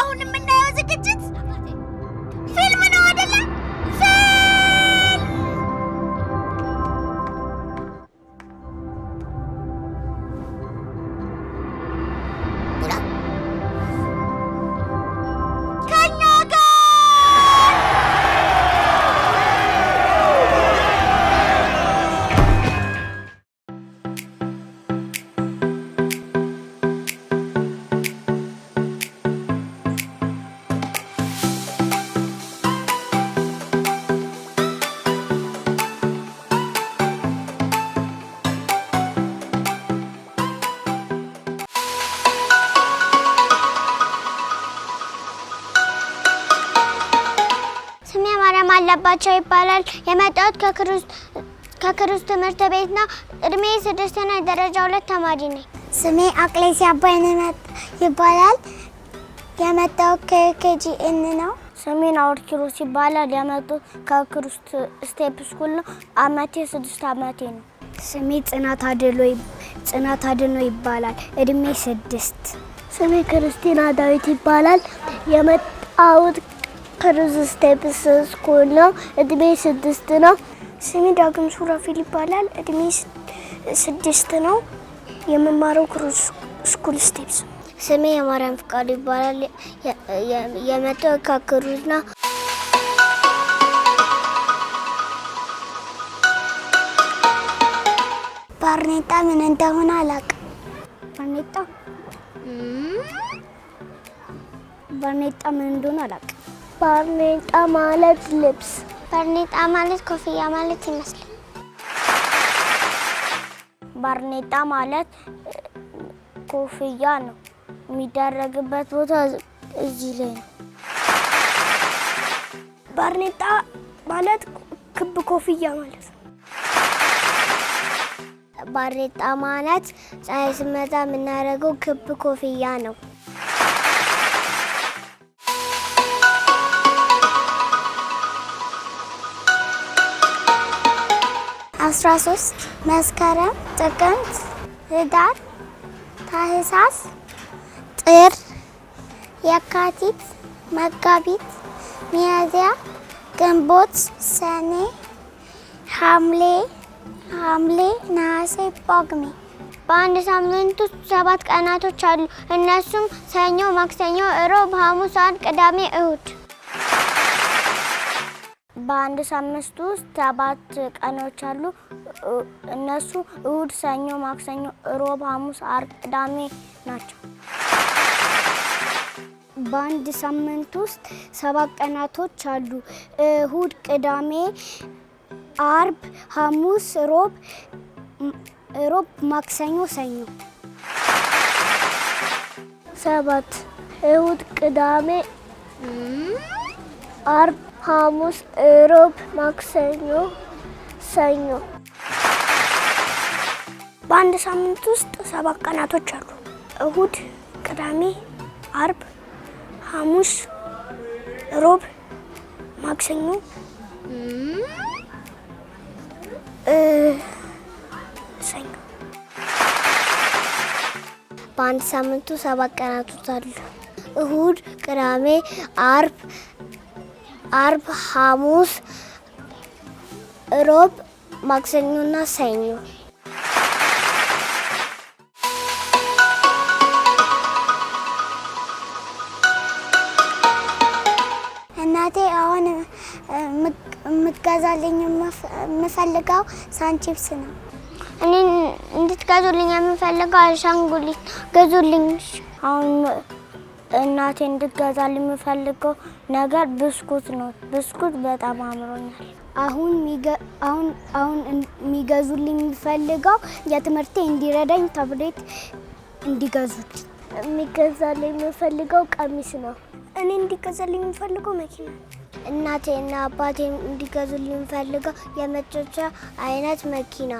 አሁን የምናየው ዝግጅት አለባቸው ይባላል። የመጣሁት ከክሩስ ትምህርት ቤት ነው። እድሜ ስድስተኛ ደረጃ ሁለት ተማሪ ነኝ። ስሜ አቅሌሲ አባይነ ይባላል። የመጣው ከኬጂኤን ነው። ስሜን አውር ኪሮስ ይባላል። የመጡት ከክሩስ ስቴፕ ስኩል ነው። አመቴ ስድስት አመቴ ነው። ስሜ ጽናት አድሎ ጽናት አድሎ ይባላል። እድሜ ስድስት። ስሜ ክርስቲና ዳዊት ይባላል። የመጣውት ከሩዝ ስቴፕስ ስኩል ነው። እድሜ ስድስት ነው። ስሜ ዳግም ሱራፊል ይባላል። እድሜ ስድስት ነው። የምማረው ክሩዝ ስኩል ስቴፕስ። ስሜ የማርያም ፍቃዱ ይባላል። የመጣው ከክሩዝ ነው። ባርኔጣ ምን እንደሆነ አላውቅም። ባርኔጣ ባርኔጣ ምን እንደሆነ አላውቅም። ባርኔጣ ማለት ልብስ፣ ባርኔጣ ማለት ኮፍያ ማለት ይመስላል። ባርኔጣ ማለት ኮፍያ ነው። የሚደረግበት ቦታ እዚህ ላይ ነው። ባርኔጣ ማለት ክብ ኮፍያ ማለት ነው። ባርኔጣ ማለት ፀሐይ ስመታ የምናደርገው ክብ ኮፍያ ነው። 13 መስከረም፣ ጥቅምት፣ ህዳር፣ ታህሳስ፣ ጥር፣ የካቲት፣ መጋቢት፣ ሚያዝያ፣ ግንቦት፣ ሰኔ፣ ሐምሌ ሐምሌ፣ ነሐሴ፣ ጳጉሜ። በአንድ ሳምንት ውስጥ ሰባት ቀናቶች አሉ። እነሱም ሰኞ፣ ማክሰኞ፣ እሮብ፣ ሐሙስ፣ አንድ፣ ቅዳሜ፣ እሁድ በአንድ ሳምንት ውስጥ ሰባት ቀኖች አሉ። እነሱ እሁድ፣ ሰኞ፣ ማክሰኞ፣ ሮብ፣ ሐሙስ፣ አርብ፣ ቅዳሜ ናቸው። በአንድ ሳምንት ውስጥ ሰባት ቀናቶች አሉ። እሁድ፣ ቅዳሜ፣ አርብ፣ ሐሙስ፣ ሮብ ሮብ፣ ማክሰኞ፣ ሰኞ። ሰባት እሁድ፣ ቅዳሜ፣ አርብ ሐሙስ፣ ሮብ፣ ማክሰኞ፣ ሰኞ። በአንድ ሳምንት ውስጥ ሰባት ቀናቶች አሉ። እሁድ፣ ቅዳሜ፣ አርብ፣ ሐሙስ፣ ሮብ፣ ማክሰኞ፣ ሰኞ። በአንድ ሳምንቱ ሰባት ቀናቶች አሉ። እሁድ፣ ቅዳሜ፣ አርብ አርብ፣ ሐሙስ፣ ሮብ፣ ማክሰኞና ሰኞ እናቴ አሁን የምትገዛልኝ የምፈልገው ሳንቺፕስ ነው። እኔ እንድትገዙልኝ የምፈልገው አሻንጉሊት ገዙልኝ አሁን እናቴ እንድገዛል የምፈልገው ነገር ብስኩት ነው። ብስኩት በጣም አምሮኛል። አሁን አሁን አሁን የሚገዙልኝ የምፈልገው የትምህርቴ እንዲረዳኝ ታብሌት እንዲገዙት። የሚገዛልኝ የምፈልገው ቀሚስ ነው። እኔ እንዲገዛልኝ የምፈልገው መኪና እናቴና አባቴ እንዲገዙልኝ የምፈልገው የመጫወቻ አይነት መኪና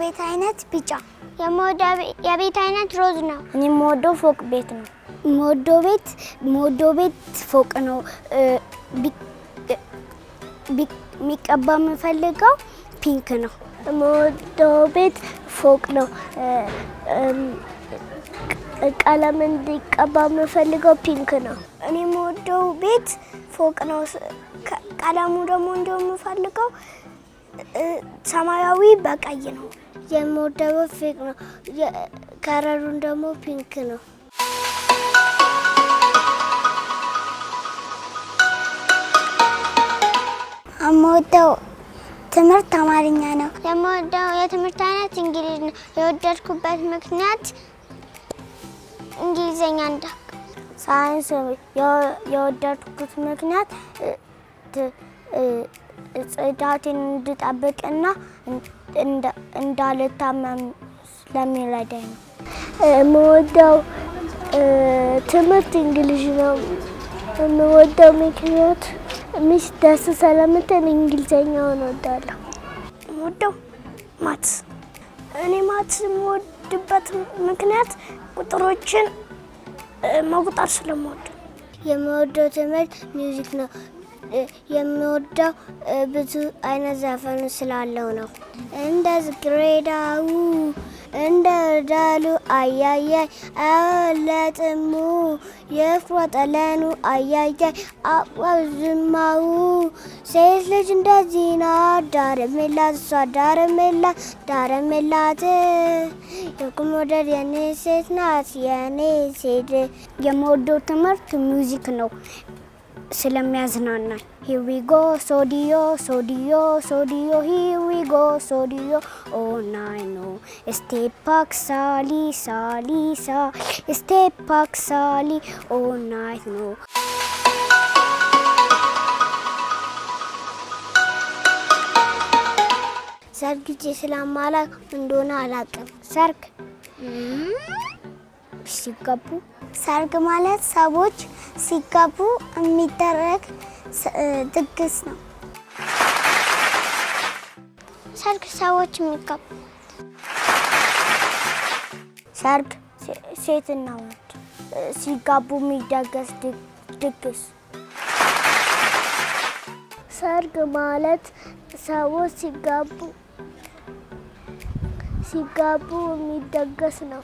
ቤት አይነት ቢጫ። የምወደው የቤት አይነት ሮዝ ነው። እኔ የምወደው ፎቅ ቤት ነው። የምወደው ቤት የምወደው ቤት ፎቅ ነው። የሚቀባ የምፈልገው ፒንክ ነው። የምወደው ቤት ፎቅ ነው። ቀለም እንዲቀባ የምፈልገው ፒንክ ነው። እኔ የምወደው ቤት ፎቅ ነው። ቀለሙ ደግሞ እንደው የምፈልገው ሰማያዊ በቀይ ነው። የምወደው ፌክ ነው። ከረሩን ደግሞ ፒንክ ነው። የምወደው ትምህርት አማርኛ ነው። የምወደው የትምህርት አይነት እንግሊዝ ነው። የወደድኩበት ምክንያት እንግሊዝኛ እንዳ ሳይንስ የወደድኩት ምክንያት ጽዳቴን እንድጠብቅና እንዳልታመም ስለሚረዳኝ ነው። የምወደው ትምህርት እንግሊዝ ነው። የምወደው ምክንያት ሚስ ደስ ስለምትል እንግሊዝኛውን እወዳለሁ። የምወደው ማት እኔ ማት የምወድበት ምክንያት ቁጥሮችን መቁጠር ስለምወድ። የምወደው ትምህርት ሚውዚክ ነው። የሚወደው ብዙ አይነት ዘፈኑ ስላለው ነው። እንደ ዝግሬዳው እንደ ዳሉ አያያይ አለጥሙ የፍሮጠለኑ አያያይ አቋዝማው ሴት ልጅ እንደዚህ ናት። ዳርሜላት እሷ ዳርሜላት ዳርሜላት የቁም ወደድ የኔ ሴት ናት የኔ ሴት። የምወደው ትምህርት ሚውዚክ ነው። ስለሚያዝናናኝ ሂዊጎ ሶዲዮ ሶዲዮ ሶዲዮ ሂዊጎ ሶዲዮ ኦናይኖ ስቴፓክ ሳሊ ሳሊ ሳሊ ስቴፓክ ሳሊ ኦናይኖ ሰርግ ጊዜ ስለማላቅ እንደሆነ አላቅም። ሰርግ mm-hmm. ሲጋቡ ሰርግ ማለት ሰዎች ሲጋቡ የሚደረግ ድግስ ነው። ሰርግ ሰዎች የሚጋቡ ሰርግ ሴትና ወንድ ሲጋቡ የሚደገስ ድግስ። ሰርግ ማለት ሰዎች ሲጋቡ ሲጋቡ የሚደገስ ነው።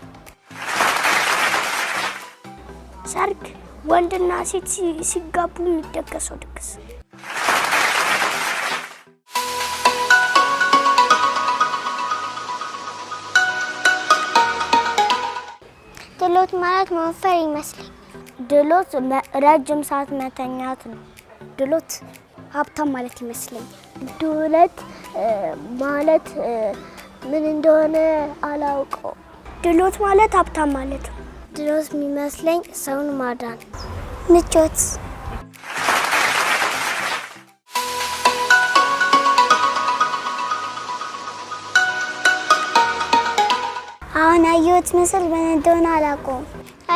ሰርግ ወንድና ሴት ሲጋቡ የሚደገሰው ድግስ ድሎት ማለት መወፈር ይመስለኝ። ድሎት ረጅም ሰዓት መተኛት ነው። ድሎት ሀብታም ማለት ይመስለኝ። ድሎት ማለት ምን እንደሆነ አላውቀው። ድሎት ማለት ሀብታም ማለት ነው። ድሮስ የሚመስለኝ ሰውን ማዳን ምቾት አሁን ያየሁት ምስል ምን እንደሆነ አላውቀውም።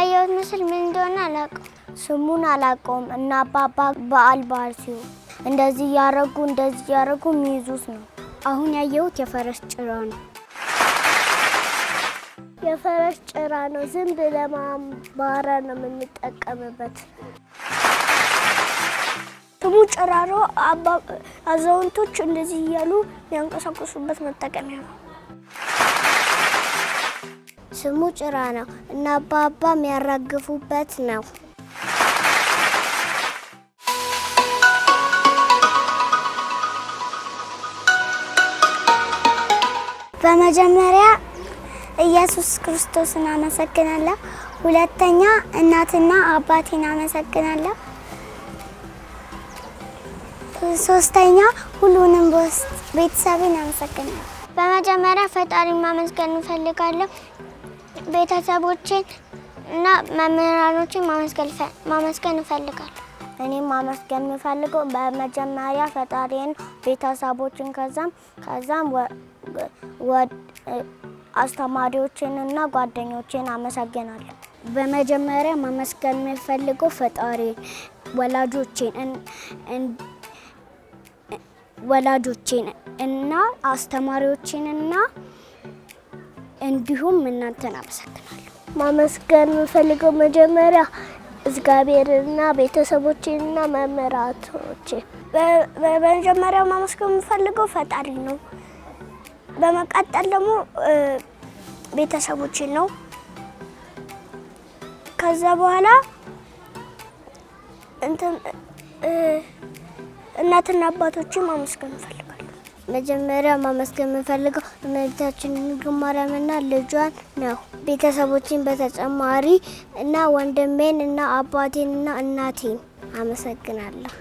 አየሁት ምስል ምን እንደሆነ አላውቀውም። ስሙን አላውቀውም እና አባባ በዓል በዓል ሲሆን እንደዚህ እያረጉ እንደዚህ እያረጉ የሚይዙት ነው። አሁን ያየሁት የፈረስ ጭራ ነው። የፈረስ ጭራ ነው። ዝንብ ለማባረር ነው የምንጠቀምበት። ስሙ ጭራሮ። አዛውንቶች እንደዚህ እያሉ የሚያንቀሳቀሱበት መጠቀሚያ ነው። ስሙ ጭራ ነው እና አባባ የሚያራግፉበት ነው። በመጀመሪያ ኢየሱስ ክርስቶስን አመሰግናለሁ። ሁለተኛ እናትና አባቴን አመሰግናለሁ። ሶስተኛ ሁሉንም ቤተሰቤን አመሰግናለሁ። በመጀመሪያ ፈጣሪን ማመስገን እንፈልጋለሁ። ቤተሰቦቼን እና መምህራኖችን ማመስገን እንፈልጋለሁ። እኔም ማመስገን የምፈልገው በመጀመሪያ ፈጣሪን፣ ቤተሰቦችን ከዛም ከዛም አስተማሪዎችንና ጓደኞችን አመሰግናለሁ። በመጀመሪያ ማመስገን የምፈልገው ፈጣሪ ወላጆችን ወላጆችን እና አስተማሪዎችንና እንዲሁም እናንተን አመሰግናለሁ። ማመስገን የምፈልገው መጀመሪያ እግዚአብሔርና ቤተሰቦችንና መምህራቶቼ። በመጀመሪያ ማመስገን የምፈልገው ፈጣሪ ነው። በመቀጠል ደግሞ ቤተሰቦችን ነው። ከዛ በኋላ እናትና አባቶችን ማመስገን እንፈልጋለን። መጀመሪያ ማመስገን የምንፈልገው እመቤታችን ድንግል ማርያምና ልጇን ነው። ቤተሰቦችን በተጨማሪ እና ወንድሜን እና አባቴን እና እናቴን አመሰግናለሁ።